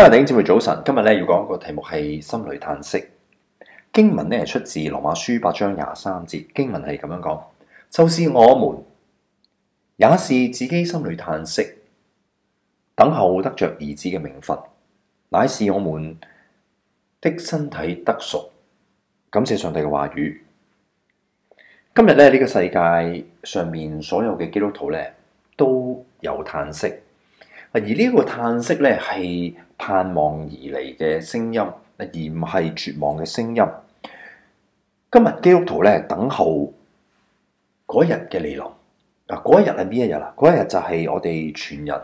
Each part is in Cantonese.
大家頂住，早晨。今日咧要講一個題目係心裏嘆息。經文咧係出自羅馬書八章廿三節。經文係咁樣講，就是我們也是自己心裏嘆息，等候得着兒子嘅名分，乃是我們的身體得贖。感謝上帝嘅話語。今日咧呢、這個世界上面所有嘅基督徒咧都有嘆息。而呢個嘆息咧，係盼望而嚟嘅聲音，而唔係絕望嘅聲音。今日基督徒咧，等候嗰日嘅嚟臨嗱，嗰日係邊一日啊？嗰日就係我哋全人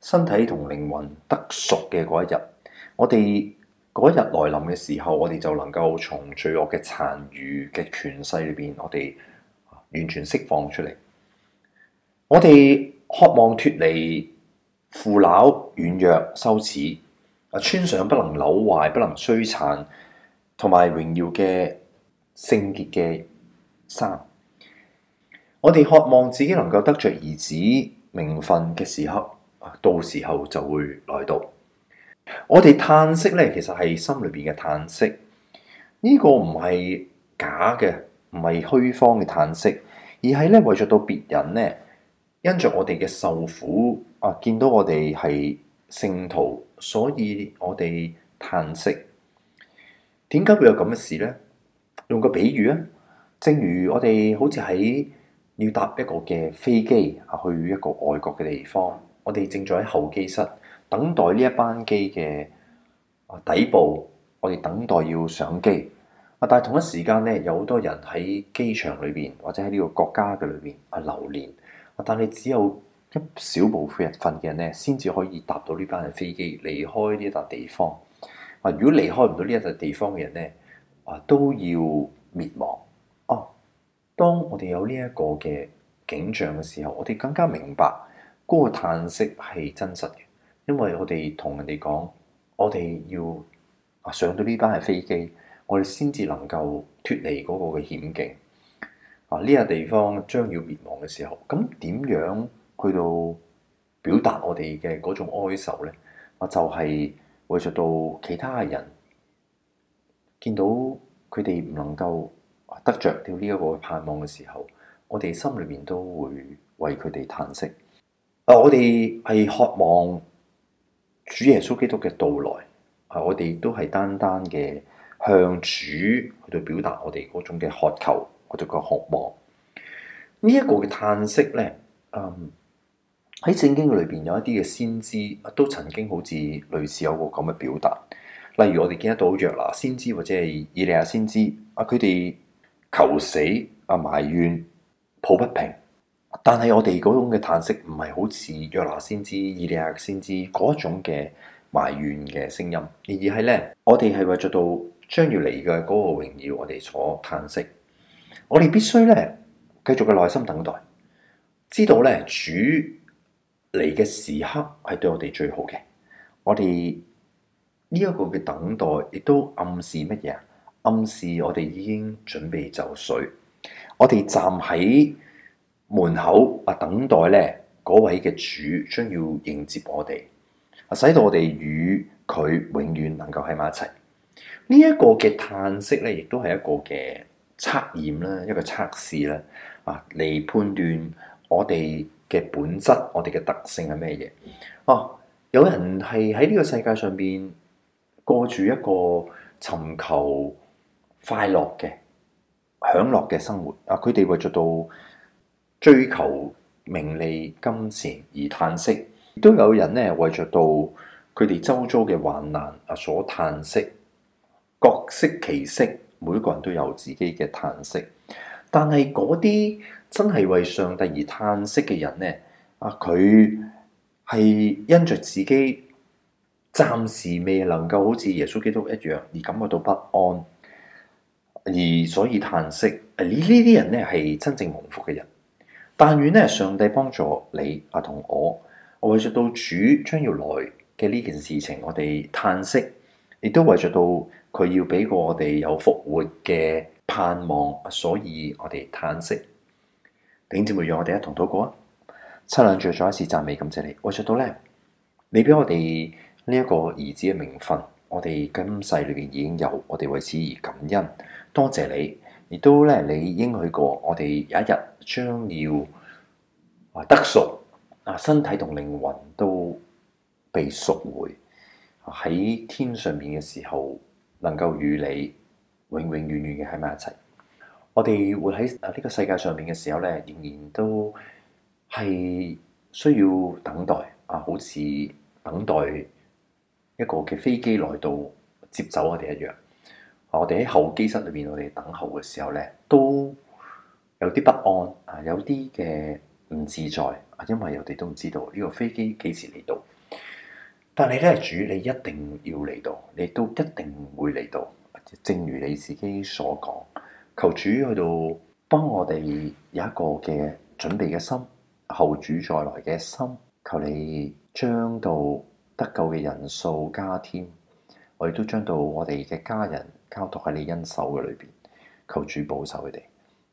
身體同靈魂得贖嘅嗰一日。我哋嗰日來臨嘅時候，我哋就能夠從罪惡嘅殘餘嘅權勢裏邊，我哋完全釋放出嚟。我哋渴望脫離。腐朽軟弱、羞恥啊！穿上不能朽壞，不能衰殘，同埋榮耀嘅聖潔嘅衫，我哋渴望自己能夠得着兒子名分嘅時刻，到時候就會來到。我哋嘆息咧，其實係心裏邊嘅嘆息，呢個唔係假嘅，唔係虛方嘅嘆息，而係咧為咗教別人呢，因着我哋嘅受苦。啊！見到我哋係聖徒，所以我哋嘆息，點解會有咁嘅事呢？用個比喻啊，正如我哋好似喺要搭一個嘅飛機啊，去一個外國嘅地方，我哋正在喺候機室等待呢一班機嘅底部，我哋等待要上機。但係同一時間呢，有好多人喺機場裏邊或者喺呢個國家嘅裏邊啊流連。但係只有。一小部分人份嘅人咧，先至可以搭到呢班嘅飛機離開呢一笪地方。啊，如果離開唔到呢一笪地方嘅人咧，啊都要滅亡。哦，啊，當我哋有呢一個嘅景象嘅時候，我哋更加明白嗰個嘆息係真實嘅，因為我哋同人哋講，我哋要啊上到呢班嘅飛機，我哋先至能夠脫離嗰個嘅險境。啊，呢笪地方將要滅亡嘅時候，咁點樣。去到表達我哋嘅嗰種哀愁咧，我就係為着到其他人見到佢哋唔能夠得着掉呢一個盼望嘅時候，我哋心裏面都會為佢哋嘆息。啊，我哋係渴望主耶穌基督嘅到來，啊，我哋都係單單嘅向主去到表達我哋嗰種嘅渴求，嗰種嘅渴望。這個、呢一個嘅嘆息咧，嗯。喺聖經裏邊有一啲嘅先知都曾經好似類似有個咁嘅表達，例如我哋見得到約拿先知或者係以利亞先知，阿佢哋求死啊，埋怨抱不平。但係我哋嗰種嘅嘆息唔係好似約拿先知、以利亞先知嗰種嘅埋怨嘅聲音，而係咧我哋係為着到將要嚟嘅嗰個榮耀，我哋所嘆息。我哋必須咧繼續嘅耐心等待，知道咧主。嚟嘅時刻係對我哋最好嘅，我哋呢一個嘅等待亦都暗示乜嘢？暗示我哋已經準備就緒，我哋站喺門口啊，等待咧位嘅主將要迎接我哋，啊，使到我哋與佢永遠能夠喺埋一齊。這個、呢一個嘅嘆息咧，亦都係一個嘅測驗啦，一個測試啦，啊，嚟判斷我哋。嘅本質，我哋嘅特性係咩嘢？哦、啊，有人係喺呢個世界上邊過住一個尋求快樂嘅享樂嘅生活。啊，佢哋為著到追求名利金錢而嘆息，都有人呢，為著到佢哋周遭嘅患難啊所嘆息。各色其色，每個人都有自己嘅嘆息。但係嗰啲真係為上帝而嘆息嘅人呢，啊，佢係因着自己暫時未能夠好似耶穌基督一樣而感覺到不安，而所以嘆息。啊，呢啲人呢係真正蒙福嘅人。但願呢，上帝幫助你啊，同我，為着到主將要來嘅呢件事情，我哋嘆息，亦都為着到佢要俾過我哋有復活嘅。盼望，所以我哋嘆息。頂姊妹，讓我哋一同禱告啊！七兩再再一次讚美，感謝你。我着到咧，你俾我哋呢一個兒子嘅名分，我哋今世裏邊已經有，我哋為此而感恩，多謝你。亦都咧，你應許過，我哋有一日將要話得贖，啊，身體同靈魂都被贖回喺天上面嘅時候，能夠與你。永永遠遠嘅喺埋一齊。我哋活喺呢個世界上面嘅時候咧，仍然都係需要等待啊，好似等待一個嘅飛機來到接走我哋一樣。我哋喺候機室裏邊，我哋等候嘅時候咧，都有啲不安啊，有啲嘅唔自在啊，因為我哋都唔知道呢個飛機幾時嚟到。但係咧，主你一定要嚟到，你都一定會嚟到。正如你自己所講，求主去到幫我哋有一個嘅準備嘅心，後主再來嘅心，求你將到得救嘅人數加添，我亦都將到我哋嘅家人交託喺你恩手嘅裏邊，求主保守佢哋，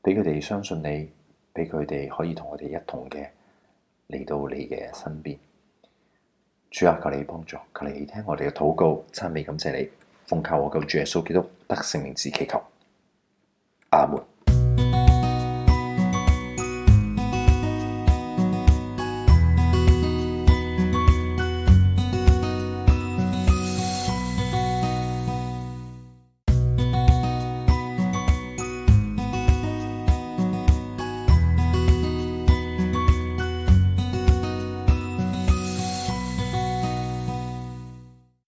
俾佢哋相信你，俾佢哋可以同我哋一同嘅嚟到你嘅身邊。主啊，求你幫助，求你聽我哋嘅禱告，讚美感謝你。奉靠我救主耶穌基督得勝名字祈求，阿門。